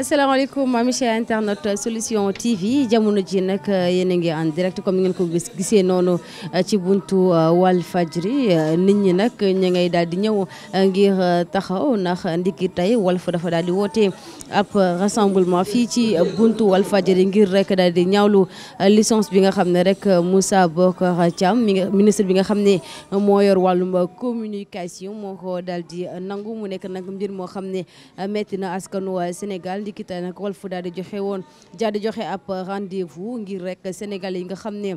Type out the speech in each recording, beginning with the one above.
asalaamaaleykum ma chers internautes solution TV jamono ji nag euh, yéen a ngi en direct comme ni ngeen ko gisee noonu euh, ci buntu euh, Walfadjri nit ñi nag ñu ngay daal di ñëw ngir taxaw ndax ndiki tey Walf dafa daal di woote ab rassemblement fii ci buntu Walfadjri ngir rek daal di ñaawlu licence bi nga xam ne rek Moussa Bocar Thiam ministre bi nga xam ne moo yor wàllum communication moo ko daal di nangu mu nekk nag mbir moo xam ne metti na askanu Sénégal. ndiki tey nag Walf daal di joxe woon daal di joxe ab rendez-vous ngir rek sénégalais yi nga xam ne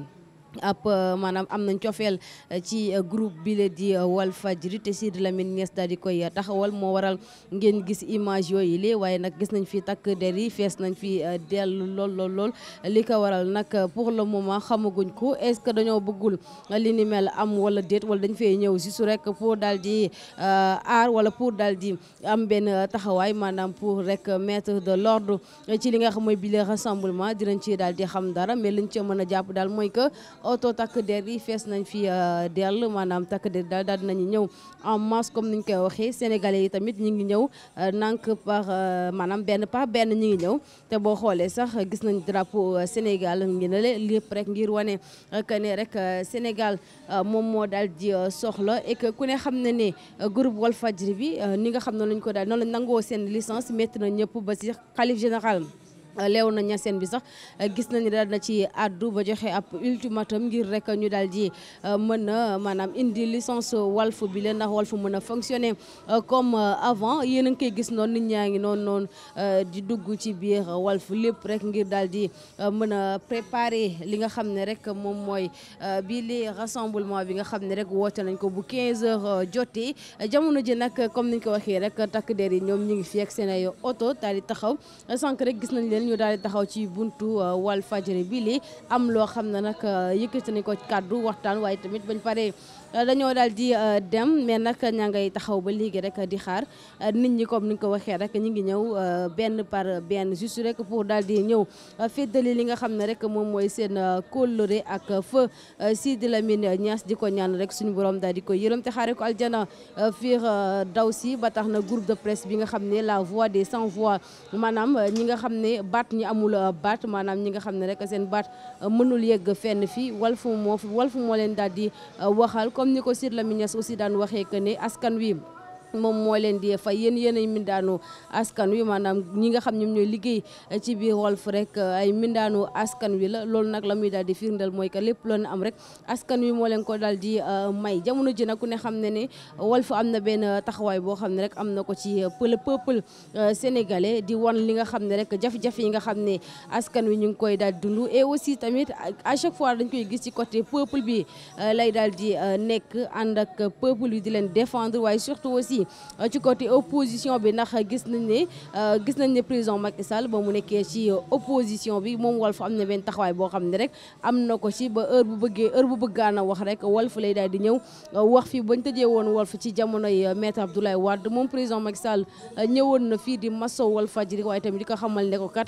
ab euh, maanaam am nañ cofeel euh, ci euh, group bi la di Walfadjri te Sidi Lamine Niass daal di koy taxawal moo waral ngeen gis image yooyu lii waaye nag gis nañ fi takk der yi fees nañ fi dellu lool lool lool li ko waral nag pour la moment xamaguñ ko est-ce que dañoo bëggul li ni mel am wala déet wala dañ fee ñëw si juste rek pour daal di aar wala pour daal di am benn taxawaay maanaam pour rek metre de l'ordre ci li nga xam mooy bi le rassemblement dinañ ci daal di xam dara mais liñ ci mën a jàpp daal mooy que oto takk der yi fees nañ fi euh, dell maanaam takk der daal daal nañu ñëw en masse comme niñ koy waxee sénégalais yi tamit ñu ngi ñëw euh, nank par euh, maanaam benn par benn ñi ngi ñëw te boo xoolee sax gis nañ drapeau Sénégal ngi ne lépp rek ngir wane que ne rek Sénégal moom moo daal di soxla et que ku ne xam ne ne groupe Walfadjri bi ni nga xam ne lañ ko daal noonu nangoo seen licence métti na ñëpp ba si xalif général Léona Niassène bi sax euh, gis nañu daal na ci àddu ba joxe ab ultimatum ngir rek ñu daal ji euh, mën a maanaam indi licence Walf bi leen ndax Walf mën a fonctionner euh, comme avant yéen a ngi koy gis noonu nit ñaa ngi noonu noonu di dugg ci biir Walf lépp rek ngir daal di mën a préparer li nga xam ne rek moom mooy bii li rassemblement bi nga xam ne rek woote nañ ko bu 15 heures jotee jamono ji nag comme niñ ko waxee rek takk der yi ñoom ñu ngi fi ak seen ay oto daal di taxaw Koungheul ñu daal di taxaw ci buntu euh, Walfadjri bi li am loo xam ne nag euh, yëkkati nañ ko kaddu waxtaan waaye tamit bañ paree euh, dañoo daal di dem mais nag ñaa ngay taxaw ba léegi rek di xaar niñ ñi comme ni nga ko waxee rek ñu ngi ñëw benn par benn juste rek pour daal di ñëw féddali li nga xam ne rek moom mooy seen kóllëre ak di Sidi Lamine ñaas di ko ñaan rek suñu borom daal di ko yërëm te xaare ko aljana daw si ba tax na groupe de presse bi nga xam ne la voix des sans voix baat ñi amul euh, baat maanaam ñi nga xam ne rek seen baat euh, mënul yegg fenn fi Walf moo fi Walf moo leen daal di euh, waxaal comme ni ko Sidy Lamine Niasse aussi daan waxee que ne askan wi moom moo leen di fay yéen yéenay mindaanu askan wi maanaam ñi nga xam ñoom ñooy liggéey ci biir Walf rek ay mindaanu askan wi la loolu nag la muy daal di firndeel mooy que lépp loon am rek askan wi moo leen ko daal di euh, may jamono ji nag ne xam ne ne Walf am na benn taxawaay boo xam ne rek am na ko ci euh, peuple euh, sénégalais di wan li nga xam ne rek jafe yi nga xam ne askan wi ñu ngi koy daal di dund et aussi tamit à chaque fois dañ koy gis ci côté peuple bi lay daal di nekk ànd ak peuple bi di leen défendre waaye surtout aussi yi ci côté opposition bi ndax gis nañ ne euh, gis nañ ne président Macky Sall ba mu nekkee ci opposition bi moom Walf am na benn taxawaay boo xam ne rek am na ko ci ba heure bu bëggee heure bu bëggaan a wax rek Walf lay daal di ñëw euh, wax fii bañ tëjee woon Walf ci jamonoy euh, maître Abdoulaye Wade moom président Macky Sall ñëwoon na fii di maso Walfadjri waaye tamit di ko xamal ne ko kat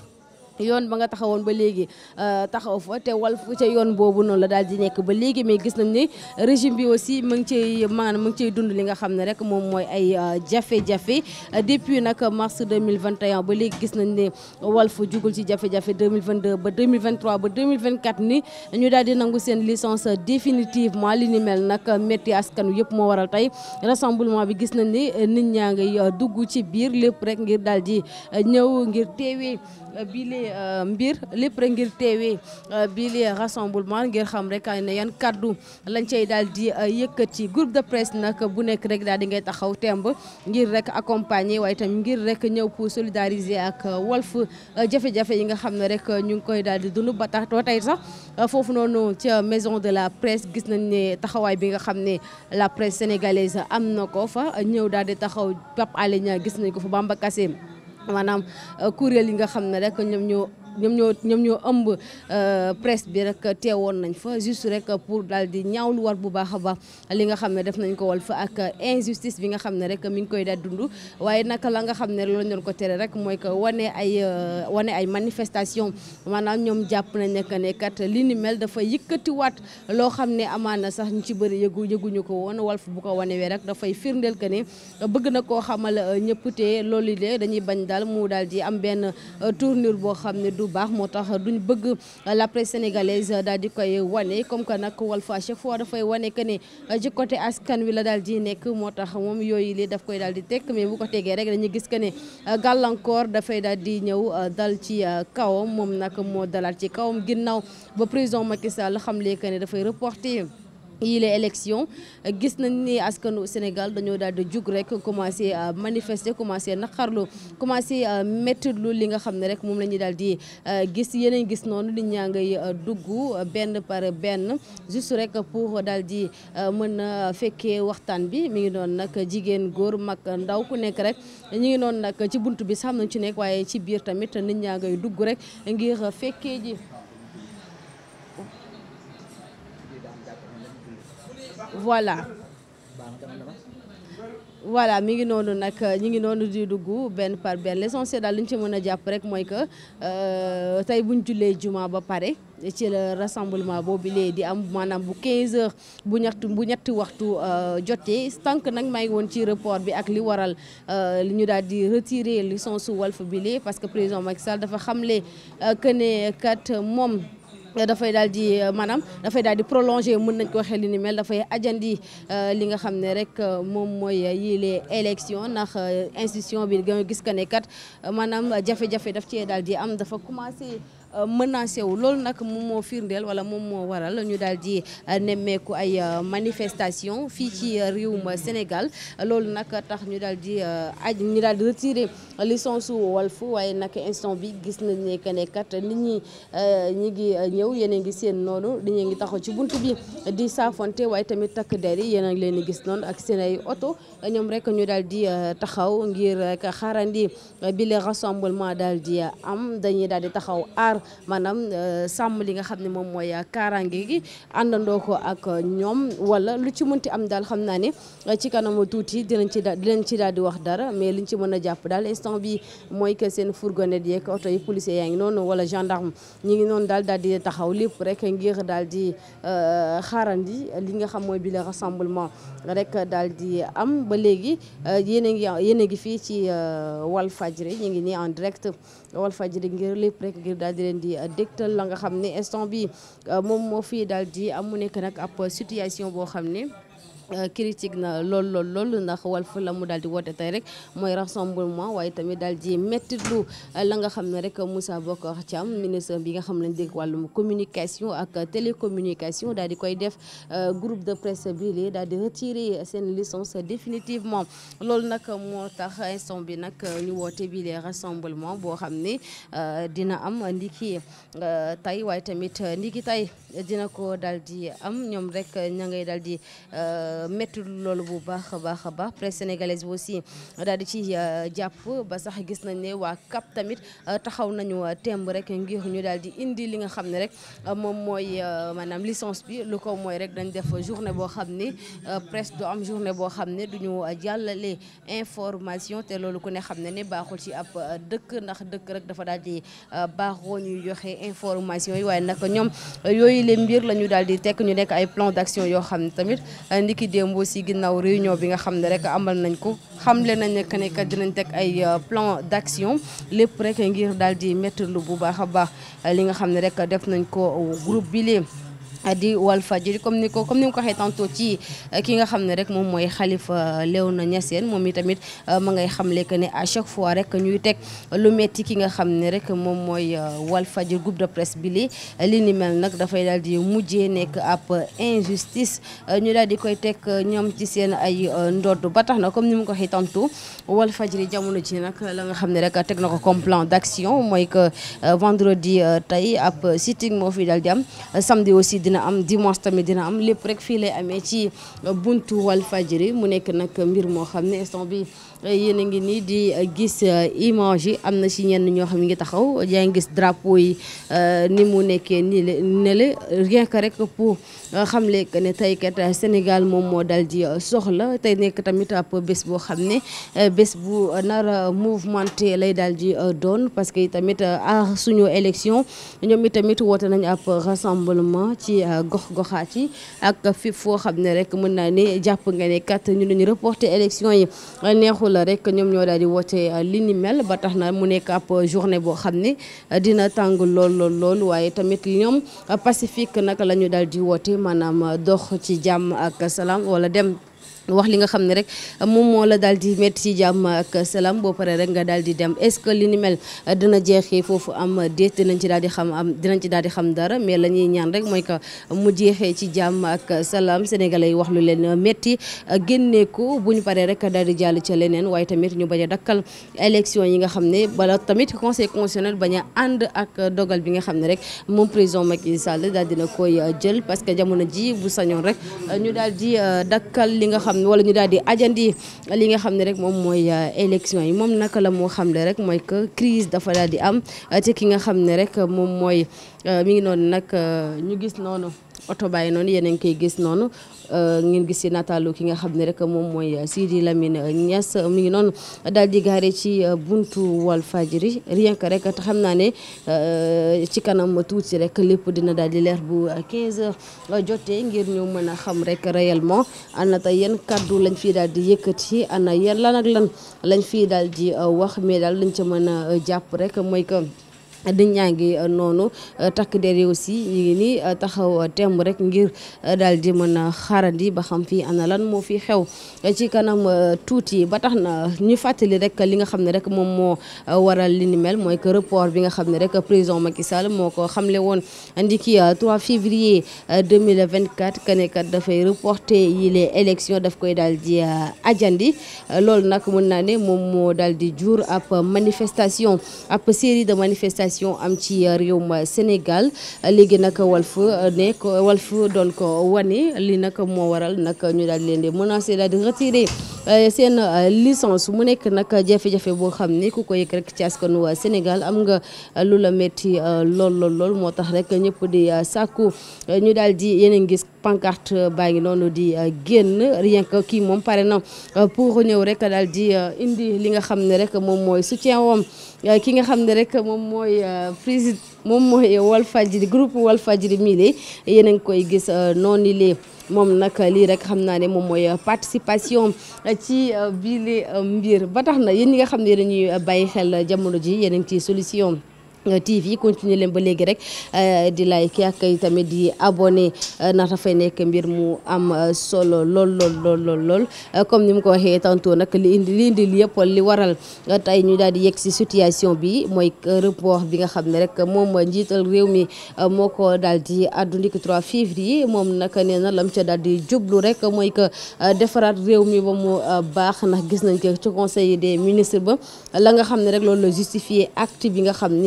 yoon ba nga taxawoon ba léegi euh, taxaw fa te wal fu ca yoon boobu noonu la daal di nekk ba léegi mais gis nañ ni régime bi aussi mu ngi ciy maanaam mu ngi ciy dund li nga xam ne rek moom mooy ay euh, jafe-jafe depuis nag mars 2021 ba léegi gis nañ ne wal fu jugul ci jafe-jafe 2022 ba 2023 ba 2024 ni ñuy daal di nangu seen licence définitivement li ni mel nag métti askanu yëpp moo waral tey rassemblement bi gis nañ ni nit ñaa ngi euh, dugg ci biir lépp rek ngir daal di ñëw ngir teewee Euh, mbir lépp rek ngir teewee euh, bii li rassemblement ngir xam rek ne yan kaddu lañ cay daal di euh, yëkkati groupe de presse nag bu nekk rek daal di ngay taxaw temb ngir rek accompagner waaye tam ngir rek ñëw pour solidariser ak Walf jafe-jafe yi nga xam ne rek ñu ngi koy daal di dund ba tax tey sax foofu noonu ca maison de la presse gis nañ ne taxawaay bi nga xam ne la presse sénégalaise am na ko fa ñëw daal di taxaw Pape Alé Niang gis nañ ko fa Bamba Kassé maanaam euh, kuréel yi nga xam ne rek ñoom ñoo ñoom ñoo ñoom ñoo ëmb euh, presse bi rek teewoon nañ fa juste rek pour daal di ñaawlu war bu baax a baax li nga xam ne def nañ ko wal fa ak injustice bi nga xam ne rek mi ngi koy daal dund waaye naka la nga xam ne loolu ñu ko tere rek mooy que wane ay euh, wane ay manifestation maanaam ñoom jàpp nañ nekk ne kat li ni mel dafa yëkkatiwaat loo xam ne amaana sax ñu ci bëri yëgu yëguñu ko woon Walf bu ko wanewee rek dafay firndeel que ne bëgg na koo xamal euh, ñëpp te loolu dañuy bañ daal mu daal di am benn tournure boo xam ne du lu baax moo tax duñ bëgg la presse sénégalaise daal di koy wane comme que nag Walf à chaque fois dafay wane que ne ci côté askan wi la daal di nekk moo tax moom yooyu li daf koy daal di teg mais bu ko tegee rek dañuy gis que ne gàllankoor dafay daal di ñëw euh, dal ci euh, kawam moom nag moo dalaat ci kawam ginnaaw ba président ma Sall xamle que ne dafay reporter. yile élection gis nañ ni askanu Sénégal dañoo daal di jug rek commencé euh, manifester commencé naqarlu commencé euh, méttitlu li nga xam ne rek moom lañuy ñuy daal di euh, gis yeneen gis noonu di ñaa ngay dugg benn par benn juste rek pour daal di mën a fekkee waxtaan bi mi ngi doon nag jigéen góor mag ndaw ku nekk rek ñu ngi noonu nag ci bunt bi sax am nañ ci nekk waaye ci biir tamit nit ñaa ngay dugg rek ngir fekkee ji voilà voilà mi ngi noonu nag ñi ngi noonu di dugg benn par benn l'essentiel daal li ñu ci mën a jàpp rek mooy que euh, tey buñ jullee juma ba pare ci le rassemblement boobu lee di am maanaam bu quinze heures bu ñaxtu bu ñetti waxtu euh, jotee tànk nag maa ngi woon ci report bi ak li waral euh, li ñu daal di retirer licence Walf bi lee parce que président Macky Sall dafa xamle que ne kat moom dafay daal di euh, maanaam dafay daal di prolongé mën nañ ko waxee li ni mel dafay ajandi euh, li nga xam ne rek euh, moom mooy yii les élections ndax institution bi ga gis que ne kat maanaam jafe-jafe daf ci daal di am dafa commencé. Euh, menacé wu loolu nag moom moo firndeel wala moom moo waral ñu daal di euh, nemmeeku ay euh, manifestation fii ci réewum Sénégal loolu nag tax ñu daal di aj ñu daal di retiré licence su Walf waaye nag instant bi gis nañ ne que ne kat nit ñi ñi ngi ñëw yéen ngi seen noonu nit ñi ngi taxaw ci buntu bi di saafonte waaye tamit takk der yi yéen a ngi leen di gis noonu ak seen ay oto ñoom rek ñu daal di taxaw ngir xaarandi bi le rassemblement daal di am dañuy daal di taxaw aar maanaam euh, sàmm li nga xam ne moom mooy euh, kaaraange gi àndandoo ko ak ñoom wala lu ci mënti am daal xam naa ne euh, ci kanamu tuuti dinañ ci daal dinañ ci daal di wax dara mais liñ ci mën a jàpp daal instant bi mooy que seen fourgonnette yeeg oto yi policier yaa ngi noonu wala gendarme ñi ngi noonu daal daal di taxaw lépp rek ngir daal di xaarandi li nga xam mooy bi le rassemblement rek daal di am ba léegi yéen a ngi yéen a ngi fii ci Walfadjri ñu ngi nii en direct Walfadjri ngir lépp rek ngir daal di leen leen di euh, dégtal la nga xam ne instant bi euh, moom moo fi daal di am euh, mu nekk nag ab situation boo xam ne Euh, critique na lool lool lool ndax Walf la mu daal di woote tey rek mooy rassemblement waaye tamit daal di métti lu euh, la nga xam ne rek Moussa Bocar Thiam ministre bi nga xam ne dégg wàllum communication ak télécommunication daal di koy def euh, groupe de presse bi lii daal di retirer seen licence définitivement loolu nag moo tax instant bi nag ñu woote bi les rassemblement boo xam ne dina am ndiki tey waaye tamit ndiki tey dina ko daal di am ñoom rek ña ngay daal di métti loolu bu baax a baax a baax presse sénégalaise bi aussi daal di ci euh, jàpp ba sax gis nañ ne waa CAP tamit euh, taxaw nañu euh, temb rek ngir ñu daal di indi li nga xam ne rek moom mooy maanaam licence bi lu ko mooy rek dañ def journée boo xam ne presse du am journée boo xam ne duñu ñu jàllale information te loolu ku ne xam ne ni baaxul ci ab dëkk ndax dëkk rek dafa daal di baaxoo ñuy joxe information yi waaye nag ñoom yooyu les mbir la ñu daal di tekk ñu nekk ay plan d'action yoo ki démb aussi ginnaaw réunion bi nga xam ne rek amal nañ ko xam xamle nañ ne que ne kat dinañ teg ay euh, plan d' action lépp rek ngir daal di mettre lu bu baax a baax li nga xam ne rek def nañ ko groupe bi di Walfadjri comme ni ko comme ni nga ko waxee ci euh, ki nga xam ne rek moom mooy Khalifa Léona Niassène moom itamit euh, ma ngay xamle que ni à chaque fois rek ñuy teg lu metti ki nga xam ne rek moom mooy euh, Walfadjri groupe de presse bi li li ni mel nag dafay daal di mujjee nekk ab injustice ñu daal di koy teg ñoom ci seen ay ndodd ba tax na comme ni mu ko waxee tantôt Walfadjri jamono ji nag la nga xam ne rek teg na ko comme plan d'action mooy que vendredi tey ab sitting moo fi daal di am samedi aussi dina am dimanche tamit dina am lépp rek fii lay amee ci buntu Walfadjri mu nekk nag mbir moo xam ne instant bi yéen a ngi nii di gis image yi am na si ñenn ñoo xam ne ngi taxaw yaa ngi gis drapeau yi euh, ni mu nekkee nii la ne la rien que rek pour que ne tey kat moom moo dal di soxla tey nekk tamit ab bés boo xam ne euh, bés bu nar a mouvementé lay daal ji euh, doon parce que tamit à suñu élection ñoom itamit woote nañ ab rassemblement ci Euh, gox-goxaat ci ak fi foo xam ne rek mën naa ne jàpp nga ne kat ñu ñu reporter élection yi neexul neexula rek ñoom ñoo daal di woote euh, li ni mel ba tax na mu ne ab journée boo xam ne euh, dina tàng lool lool waaye tamit ñoom pacifique nag la ñu daal di woote maanaam dox ci jàmm ak salaam wala dem wax li nga xam ne rek moom moo la daal di métti ci jàmm ak salaam boo paree rek nga daal di dem est que li ni mel dina jeexee foofu am déet dinañ ci daal di xam am dinañ ci daal di xam dara mais la ñuy ñaan rek mooy que mu jeexee ci jàmm ak salaam yi wax lu leen métti génnee bu ñu paree rek daal di jàll ca leneen waaye tamit ñu bañ a dakkal élection yi nga xam ne bala tamit conseil constitutionnel bañ ànd ak dogal bi nga xam ne rek moom président Macky Sall daal dina koy jël parce que jamono ji bu sañoon rek ñu daal di euh, dakkal li nga xam xam wala ñu daal di ajandi li nga xam ne rek moom mooy euh, élection yi moom naka la moo xam ne rek mooy que crise dafa daal di am euh, te ki nga xam ne rek moom mooy euh, mi ngi noonu nag ñu gis noonu. oto bàyyi noonu yéen a ngi koy gis noonu euh, ngeen gis ci nataalu ki nga xam ne rek moom mooy Sidi Lamine Niass mi ngi noonu daal di gaare ci euh, buntu Walfadjri rien que rek te xam naa ne euh, ci kanam tuuti rek lépp dina daal di leer bu 15 heures jotee ngir ñëw mën a xam rek réellement ana tey yan kàddu lañ fii daal di yëkkati ana yan lan ak lan lañ fii daal di wax mais daal lañ ci mën a jàpp rek mooy que. di ñaa ngi euh, noonu euh, takk der yi aussi ñu ngi nii euh, taxaw temb rek ngir daal di mën a xaarandi ba xam fii ana lan moo fi xew ci kanam tuuti ba tax na ñu fàttali rek li nga xam ne rek moom moo waral li ni mel mooy que report bi nga xam ne rek président Macky Sall moo ko xamle woon ndiki 3 février 2024 kene kat dafay reporter yi les élections daf koy daal di ajandi loolu nag mën naa ne moom moo daal di jur ab manifestation ab série de manifestation situation am ci réewum Sénégal léegi nag Walf ne ko Walf doon ko wane li nag moo waral nag ñu daal di leen di menacer daal di retirer Euh, seen euh, licence mu nekk nag jafe-jafe boo xam ni ku ko yëg rek ci askanu Sénégal am nga euh, lu la metti lool lool moo tax rek ñëpp di sàkku ñu daal di yéen a gis pancarte baa ngi noonu di génn rien que kii moom pare na pour ñëw rek daal di indi li nga xam ne rek moom mooy soutien wam ki nga xam ne rek moom mooy président moom mooy Walfadjri groupe Walfadjri mii la yéen a ngi koy gis noonu lee moom nag lii rek xam naa ne moom mooy participation ci euh, biile euh, mbir ba tax na yéen ñi nga xam ne dañuy bàyyi xel jamono ji yeneen ci solution TV continuer leen ba léegi rek euh, di like yi tamit di abonné euh, ndax dafay nekk mbir mu am euh, solo lool lool lool lool lool comme ni mu ko waxee tantôt nag li indi li indi yëpp li waral tey ñu daal di yegg si situation bi mooy report bi nga xam ne rek moom njiital réew mi moo ko daal di addu ndiki 3 février moom nag nee na lam ca daal di jublu rek mooy que defaraat réew mi ba mu baax na gis nañ ko ci conseil des ministres ba la nga xam ne rek loolu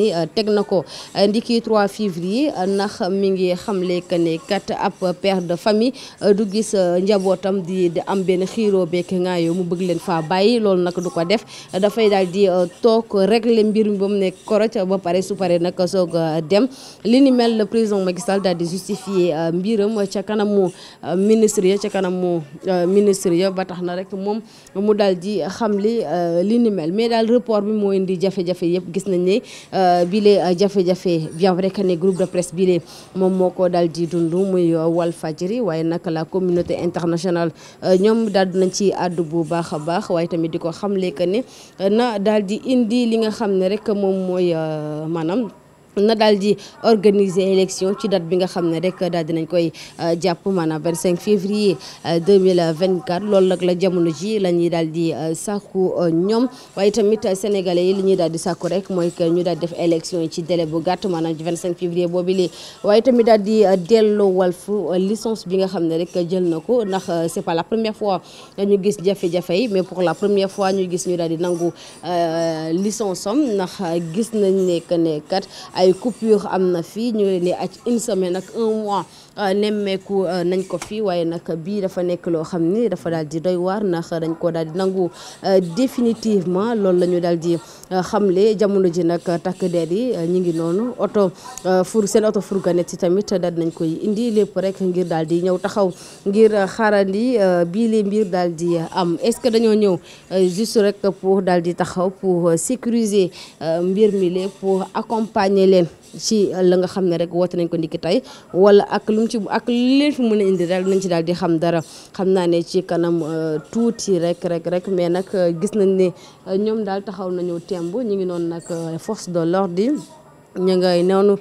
la teg na ko eh, ndiki 3 février eh, nax mi ngi xamle que ne kat ab père de famille eh, du gis njabootam di di am benn xiiroo beek ngaayo mu bëgg leen fa bàyyi loolu nag du ko def dafay daal di toog régler mbir mi ba mu nekk koroc ba pare su pare nag soog dem linimel ni mel le président Macky Sall daal di justifier mbiram ca kanamu ministre ya ca kanam kanamu ministre ya ba tax na rek moom mu daal di xam li li mais daal report bi moo indi jafe-jafe yëpp gis bile euh, jafe-jafe bien vrai ne groupe de presse bile moom moo ko daal di dundu muy euh, Walfadjri waaye nag la communauté internationale euh, ñoom daal dinañ ci àddu bu baax a baax waaye tamit di ko xamle que ne na daal di indi li nga xam ne rek moom mooy maanaam. na daal di organiser élection ci date bi nga xam ne rek daal nañ koy euh, jàpp maanaam 25 février 2024 euh, loolu nag la jamono ji la ñuy daal di euh, sàkku ñoom waaye tamit sénégalais yi li ñuy daal di sàkku rek mooy que ñu daal def élection ci délai bu gàtt maanaam ci 25 février boobu lii waaye tamit daal di delloo fu licence bi nga xam ne rek jël na ko ndax c'est pas la première fois ñu gis jafe-jafe yi mais pour la première fois ñu gis ñu daal di nangu licence am ndax gis nañ ne que ay coupure am na fii ñu leen di aj une semaine un mois Euh, nemmeeku euh, nañ ko fi waaye nag bii dafa nekk loo xam ne dafa daal di doy waar nax dañ ko daal di nangu euh, définitivement loolu la ñu daal di xamle jamono ji nag takk der yi ñu ngi noonu oto fur seen oto fourgonnette yi tamit daal nañ koy indi lépp rek ngir daal di ñëw taxaw ngir xaarandi bii li mbir daal di am est-ce que dañoo ñëw juste rek pour daal di taxaw pour sécuriser mbir mi lépp pour accompagner leen ci la nga xam ne rek woote nañ ko ndiki tey wala ak lu ci ak leen fi mën a indi daal nañ ci daal di xam dara xam naa ne ci kanam euh, tuuti rek rek rek mais nag euh, gis nañ ne euh, ñoom daal taxaw nañu temb ñu ngi noonu nag force de l'ordre yi ñu ngay noonu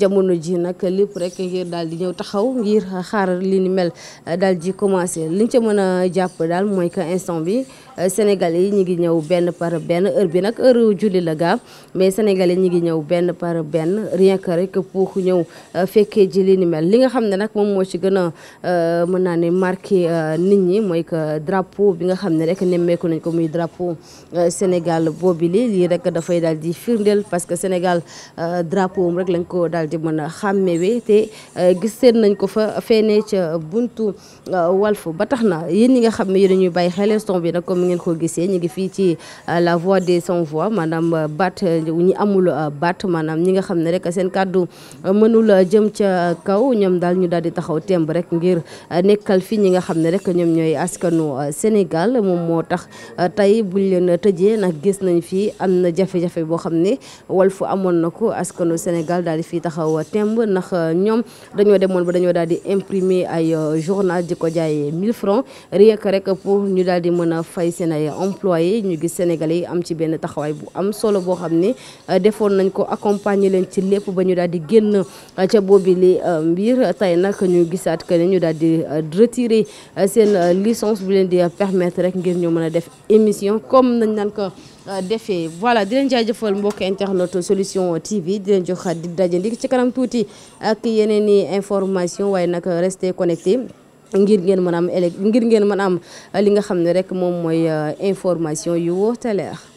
jamono ji nag lépp rek ngir daal di ñëw taxaw ngir xaar li ni mel daal di commencé liñ ca mën a jàpp daal mooy que instant bi Euh, sénégalais yi ñu ngi ñëw benn par benn heure bi nag heure julli la gaa mais sénégalais ñi ngi ñëw benn par benn rien que rek pour ñëw euh, fekkee ji li ni mel li nga xam ne nag moom moo ci gën a euh, mën naa ne marqué nit ñi mooy que drapeau bi nga xam ne rek nemmeeku nañ ko muy drapeau Sénégal boobi li lii rek dafay daal di firndeel parce que Sénégal drapeau am rek lañ ko daal di mën xàmmee xàmmewee te gis seen nañ ko fa feenee ca buntu Walf ba tax na yéen ñi nga xam ne yéen ñuy bàyyi xel son bi nag comme ngeen ko gisee ñu ngi fii ci euh, la voix des sans voix maanaam euh, baat euh, ñi amul baat maanaam ñi nga xam ne rek seen kàddu mënul jëm ca kaw ñoom daal ñu daal di taxaw temb rek ngir nekkal fi ñi nga xam ne rek ñoom ñooy askanu Sénégal moom moo tax tey buñ leen tëjee nag gis nañ fii am na jafe-jafe boo xam ne wal fu amoon na ko askanu Sénégal daal di fii taxaw temb nax ñoom dañoo demoon ba dañoo daal di imprimer ay journal di ko jaayee francs rien rek pour ñu daal mën a fay ay seen ay employé ñu gis sénégalais yi am ci benn taxawaay bu am solo boo xam ne euh, defoon nañ ko accompagner leen ci lépp ba ñu daal di a euh, ca boobi li euh, mbir tey nag ñu gisaat que ne ñu daal di retirer seen licence bu leen di permettre rek ngir ñu mën a def émission comme nañ naan ko defee voilà di leen jaajëfal mbokk internet solution TV di leen joxaat di daje ndik ci kanam tuuti ak yeneen i information waaye nag restez connecté ngir ngeen mën a am ngir ngeen mën a am li nga xam ne rek moom mooy euh, information yu wóor te